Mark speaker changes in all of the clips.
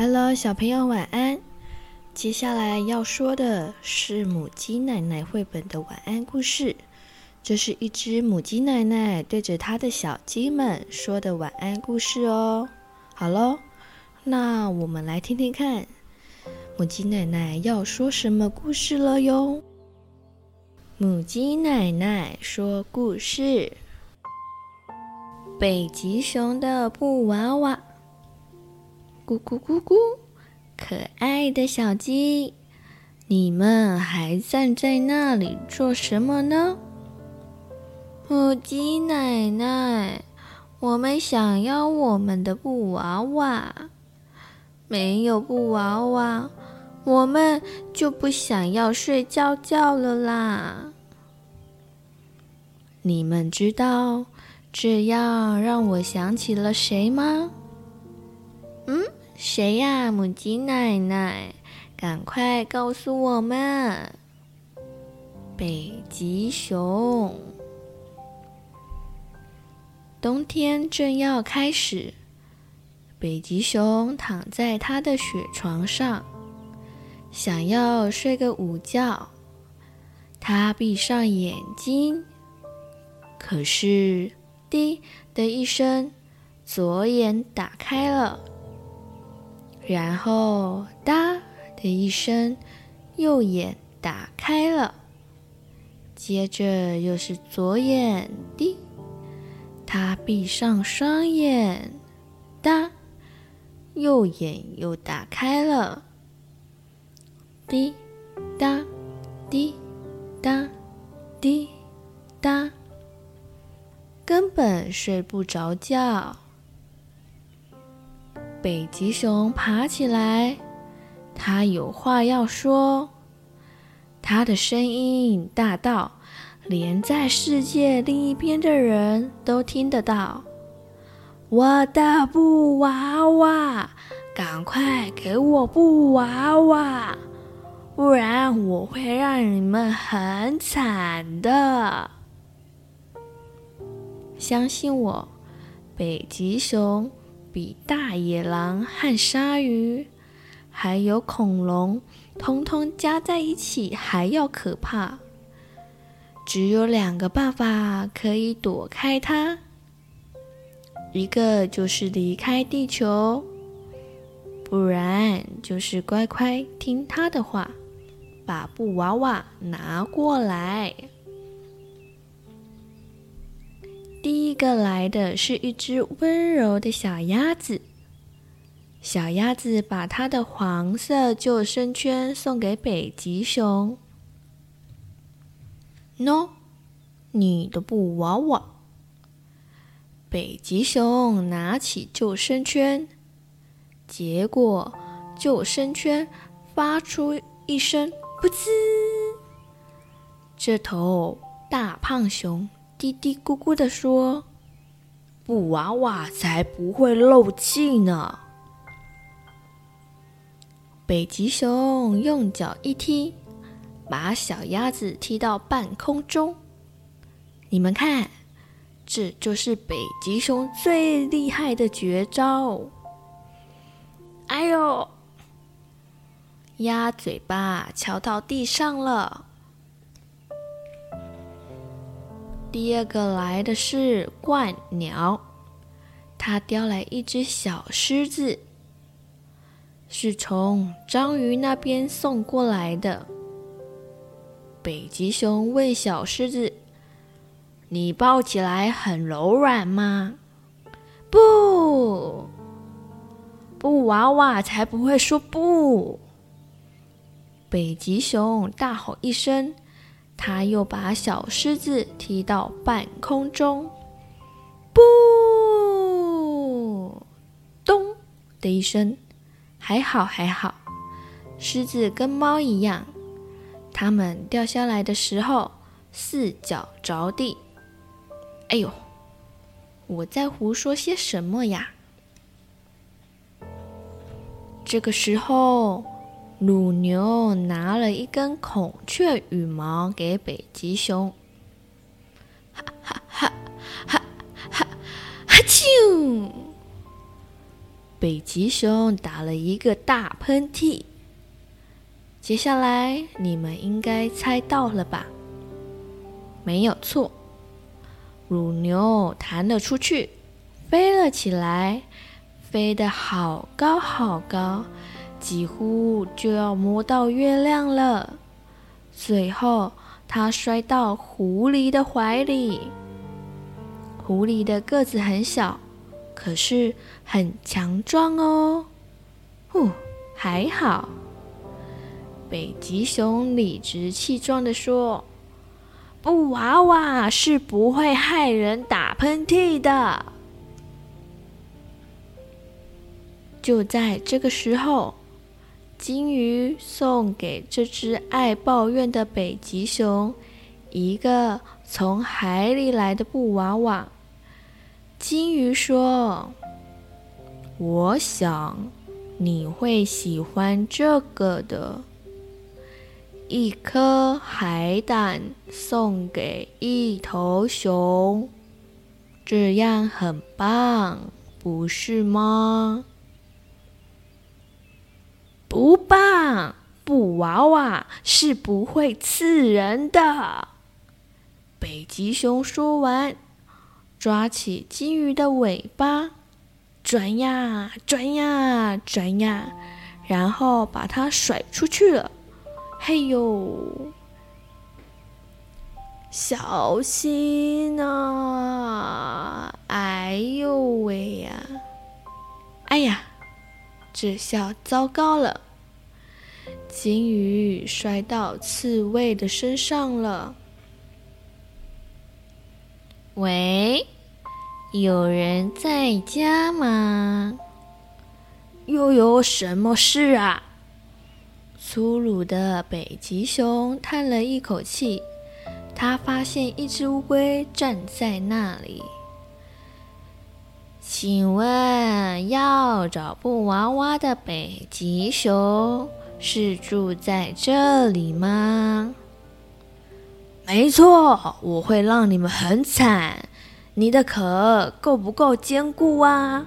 Speaker 1: Hello，小朋友晚安。接下來要說的是《母雞奶奶》繪本的晚安故事。這是一隻母雞奶奶對着它的小雞們說的晚安故事哦。好嘍，那我們來聽聽看，母雞奶奶要說什麼故事了喲。母雞奶奶說故事：北極熊的布娃娃。咕咕咕咕，可愛的小雞，你們還站在那裡做什麼呢？母雞奶奶，我們想要我們的布娃娃。沒有布娃娃，我們就不想要睡覺覺了啦。你們知道這樣讓我想起了誰嗎？嗯？誰呀、啊？母雞奶奶，趕快告訴我們！北極熊，冬天正要開始。北極熊躺在他的雪床上，想要睡個午覺。他閉上眼睛，可是“滴”的一聲，左眼打開了。然後，噠的一聲，右眼打開了。接着又是左眼滴。他閉上雙眼，噠，右眼又打開了。滴，噠、滴，噠、滴，噠，根本睡不着覺。北極熊爬起來，他有話要說。他的聲音大到，連在世界另一邊的人都聽得到。 我的布娃娃，趕快給我布娃娃，不然我會讓你們很慘的。相信我，北極熊。比大野狼和鯊魚，還有恐龍，通通加在一起還要可怕。只有兩個辦法可以躲開它：一個就是離開地球，不然就是乖乖聽他的話，把布娃娃拿過來。個來的是一只溫柔的小鴨子，小鴨子把它的黃色救生圈送給北極熊。喏，你的布娃娃。北極熊拿起救生圈，結果救生圈發出一聲“噗呲”，這頭大胖熊嘀嘀咕咕咕的說。布娃娃才不會漏氣呢！北極熊用腳一踢，把小鴨子踢到半空中。你們看，這就是北極熊最厲害的絕招！哎呦，鴨嘴巴敲到地上了。第二個來的是鸛鳥，它叼來一隻小獅子，是從章魚那邊送過來的。北極熊問小獅子：“你抱起來很柔軟嗎？”“不，布娃娃才不會說不。”北極熊大吼一聲。他又把小獅子踢到半空中，噗，咚的一聲，還好還好，獅子跟貓一樣，它們掉下來的時候四腳着地。哎呦，我在胡說些什麼呀？這個時候。乳牛拿了一根孔雀羽毛給北極熊，哈哈哈哈哈！哈啾！北極熊打了一個大噴嚏。接下來你們應該猜到了吧？沒有錯，乳牛彈了出去，飛了起來，飛得好高好高。幾乎就要摸到月亮了，最後他摔到狐狸的懷裡。狐狸的個子很小，可是很強壯哦。呼，還好，北極熊理直氣壯地說：“布娃娃是不會害人打噴嚏的。”就在這個時候。鯨魚送給這只愛抱怨的北極熊一個從海裡來的布娃娃。鯨魚說：“我想你會喜歡這個的。”一顆海膽送給一頭熊，這樣很棒，不是嗎？不棒，布娃娃是不會刺人的。北極熊說完，抓起鯨魚的尾巴，轉呀轉呀轉呀，然後把它甩出去了。嘿呦，小心吶，啊！哎呦喂呀，哎呀！這下糟糕了！鯨魚摔到刺蝟的身上了。喂，有人在家嗎？又有什麼事啊？粗魯的北極熊嘆了一口氣，他發現一隻烏龜站在那裡。請問要找布娃娃的北極熊是住在這裡嗎？沒錯，我會讓你們很慘。你的殼夠不夠堅固啊，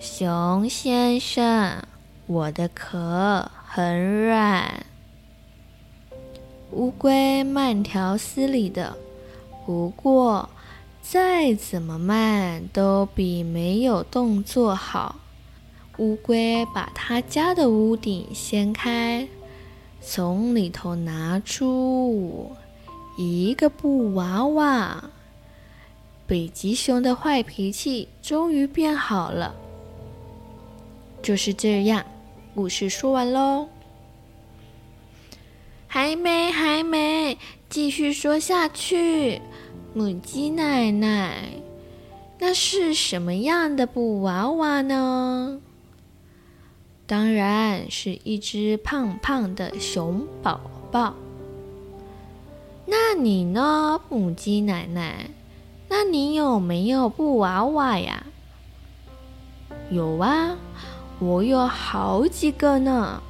Speaker 1: 熊先生？我的殼很軟。烏龜慢條斯理的。不過。再怎麼慢，都比沒有動作好。烏龜把他家的屋頂掀開，從裡頭拿出一個布娃娃。北極熊的壞脾氣終於變好了。就是這樣，故事說完嘍。還沒，還沒，繼續說下去。母雞奶奶，那是什麼樣的布娃娃呢？當然是一隻胖胖的熊寶寶。那你呢？母雞奶奶，那你有沒有布娃娃呀？有啊，我有好幾個呢。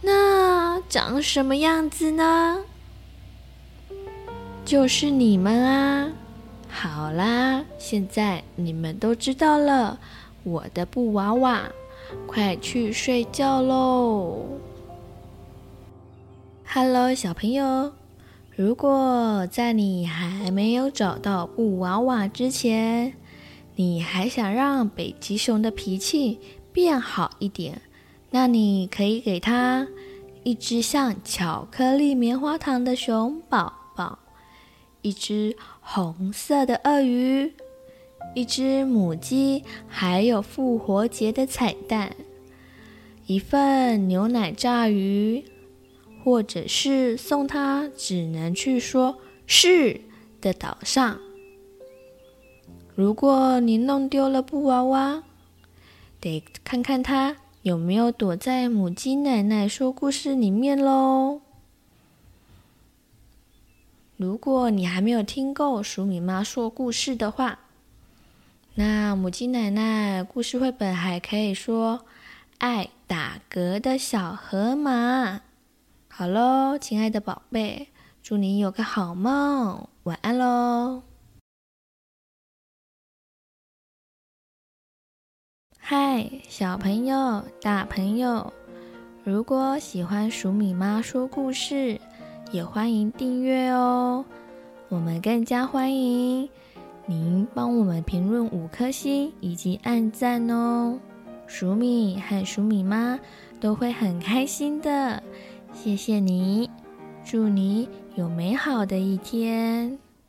Speaker 1: 那長什麼樣子呢？就是你們啊！好啦，現在你們都知道了。我的布娃娃，快去睡覺嘍！哈囉，小朋友，如果在你還沒有找到布娃娃之前，你還想讓北極熊的脾氣變好一點，那你可以給他一隻像巧克力棉花糖的熊寶寶。一隻紅色的鱷魚，一隻母雞，還有復活節的彩蛋，一份牛奶炸魚，或者是送他只能去說是的島上。如果你弄丟了布娃娃，得看看它有沒有躲在母雞奶奶說故事裡面嘍。如果你還沒有聽夠黍米媽說故事的話，那母雞奶奶故事繪本還可以說《愛打嗝的小河馬》。好嘍，親愛的寶貝，祝你有個好夢，晚安嘍！嗨，小朋友、大朋友，如果喜歡黍米媽說故事。也歡迎訂閱哦，我們更加歡迎您幫我們評論五顆星以及按讚哦，黍米和黍米媽都會很開心的，謝謝你，祝你有美好的一天。